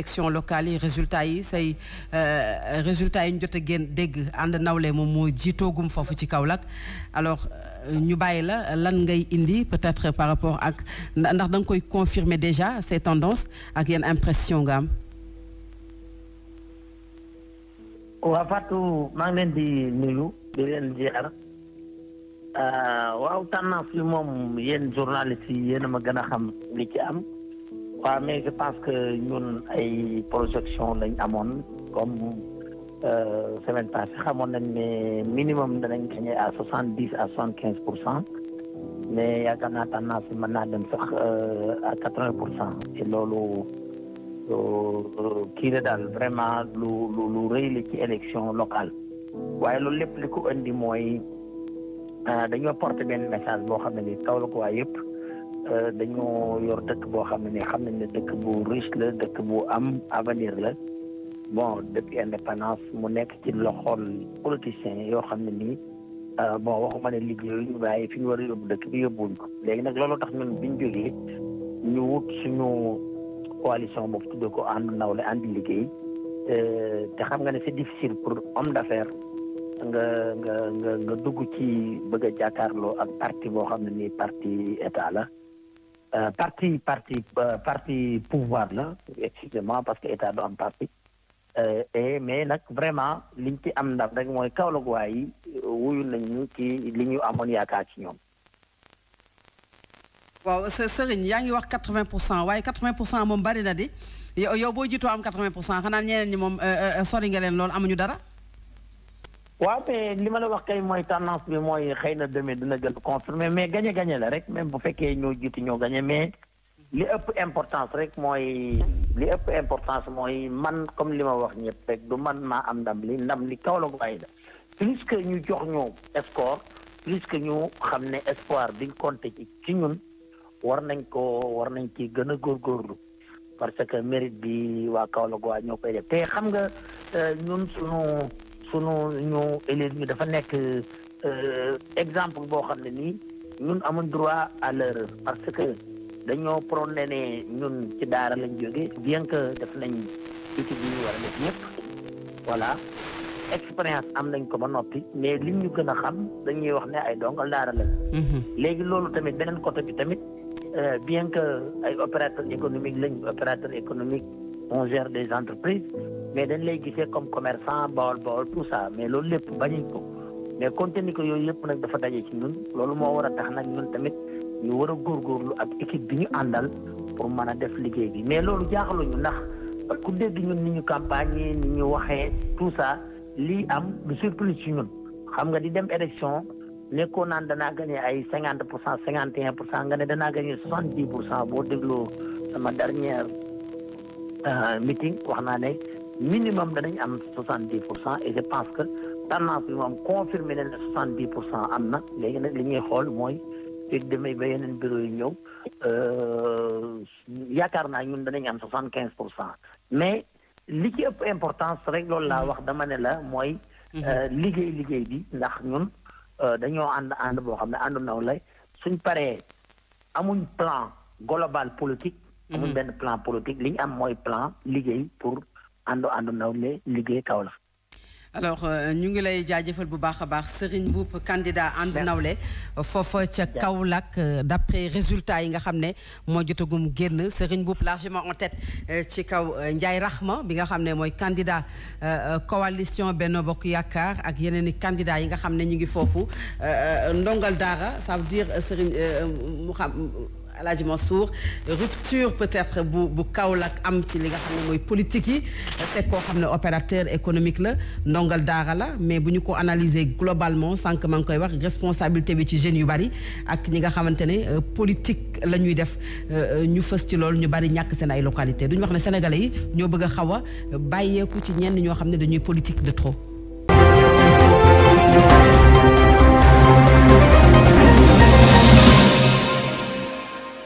élection locale yi résultat yi say euh, résultat yi ñu jot a génn dégg ànd nawle moom moo jiitoogum foofu ci kaw Kaolack alors euh, ñu bàyyi la lan ngay indi peut-être par rapport ak ndax da nga koy confirmer déjà ces tendances ak yenn impression nga am waaw euh, tendance yi moom yéen journalistes yi yéen ma gën a xam li ci am waaw mais je pense que ñun ay projection lañ amoon comme euh, semaine passée xamoon nañ ne minimum danañ gagné à soixante dix à soixante quinze pour cent mais yaakaar naa tendance bi mën naa dem sax euh, à quatre vingt pour cent te loolu euh, kii la daal vraiment lu lu lu ci élection locale waaye loolu lépp li ko indi mooy dañoo porter na message boo xam ne ni kaw la ko waa yëpp Euh, dañoo yor dëkk boo xam ne ni xam nañ ne dëkk bu riche la dëkk bu am avenir la bon depuis indépendance mu nekk ci loxol politiciens yoo xam ne nii euh, bon waxuma ne liggéey ñu bàyyi fi ñu war a yóbbu dëkk bi yóbbuwuñ ko léegi nag loolu tax ñun biñ jógee ñu wut suñu coalition boobu tuddee ko ànd nawle ànd liggéey euh, te xam nga ne c'est difficile pour homme d'affaires nga nga nga nga dugg ci bëgg jàkkaarloo ak parti boo xam ne nii parti état la Euh, parti parti euh, parti pouvoir la excusez-moi parce que état du am parti euh, et mais nag vraiment liñ ci am ndaw rek mooy Kaolack waay yi wuyu nañu ci li ñu amoon yaakaar ci ñoom. waaw Serigne yaa ngi wax 80 pour cent waaye 80 pour cent moom bari na di yow boo jiitoo am 80 pour cent xanaa ñeneen ñi moom sori nga leen lool amuñu dara. waaw mais li ma la wax kay mooy tendance bi mooy xëy na demee dina gën confirmer mais gagné gagné la rek même bu fekkee ñoo jiitu ñoo gagné mais li ëpp importance rek mooy li ëpp importance mooy man comme li ma wax ñëpp rek du man maa am ndam li ndam li Kaolack waaye la plus que ñu jox ñu score plus que ñu xam ne espoir biñ compté ci ci ñun war nañ ko war nañ ci gën a góor góorlu parce que mérite bi waa Kaolack waa ñoo koy def te xam nga euh, ñun sunu sunu ñu élèves yi dafa nekk euh, exemple boo xam ne nii ñun amul droit à l'erreur parce que dañoo prôné ne ñun ci daara lañ jóge bien que def nañ études yi ñu war a def yëpp voilà expérience am nañ ko ba noppi mais li ñu gën a xam dañuy wax ne ay dongal daara lañ mhm. léegi loolu tamit beneen côté bi tamit euh, bien que ay opérateur économique lañ opérateur économique on gère des entreprises mais dañ lay gisee comme commerçant bool bool tout ça mais loolu lépp bañuñ ko mais compte tenu yooyu yëpp nag dafa daje ci ñun loolu moo war a tax nag ñun tamit ñu war a góorlu ak équipe bi ñu àndal pour mën a def liggéey bi mais loolu ñu ndax ku dégg ñun ni ñu campagne yi ñu waxee tout ça lii am lu surprise ci ñun xam nga di dem élection nekkoo naan danaa gagné ay cinquante pour cent cinquante et un pour cent nga danaa gagné soixante dix pour cent boo dégloo sama dernière Euh, meeting wax naa ne minimum danañ am soixante dix pour cent et je pense que tendance bi moom confirmé na ne soixante dix pour cent am na léegi nag li ñuy xool mooy fekk demee ba yeneen bureau yu ñëw euh, yaakaar naa ñun danañ am soixante quinze pour cent mais li ci ëpp importance rek loolu laa wax dama ne la mooy mhm. euh, liggéey liggéey bi ndax ñun dañoo ànd ànd boo xam ne ànd naw lay suñ paree amuñ plan global politique amul mhm. benn plan politique li ñu am mooy plan liggéey pour àndu àndu nawle liggéey Kaolack alors euh, ñu ngi lay jaajëfal bu baax a baax Serigne Mboup candidat àndu nawle foofa ca Kaolack euh, d'après résultats yi nga xam ne moo jotagum génn Serigne Mboup largement en tête euh, ci kaw Ndiaye Rahma bi nga xam ne mooy candidat coalition benn Bokk Yaakaar ak yeneen i candidats yi nga xam ne ñu ngi foofu ndongal daara ça veut dire Serigne mu xam El Hadj Mansour rupture peut-être bu bu Kaolack am ci li nga xam ne mooy politique yi teg koo xam ne opérateur économique la ndongal daara la mais bu ñu ko analyser globalement sànq maa ngi koy wax responsabilité bi ci jeunes yu bari ak ñi nga xamante ne euh, politique la ñuy def euh, euh, ñu fës ci loolu ñu bari ñàkk seen ay localité duñu wax ne sénégalais yi ñoo bëgg a xaw a bàyyeeku ci ñenn ñoo xam ne dañuy politique de trop.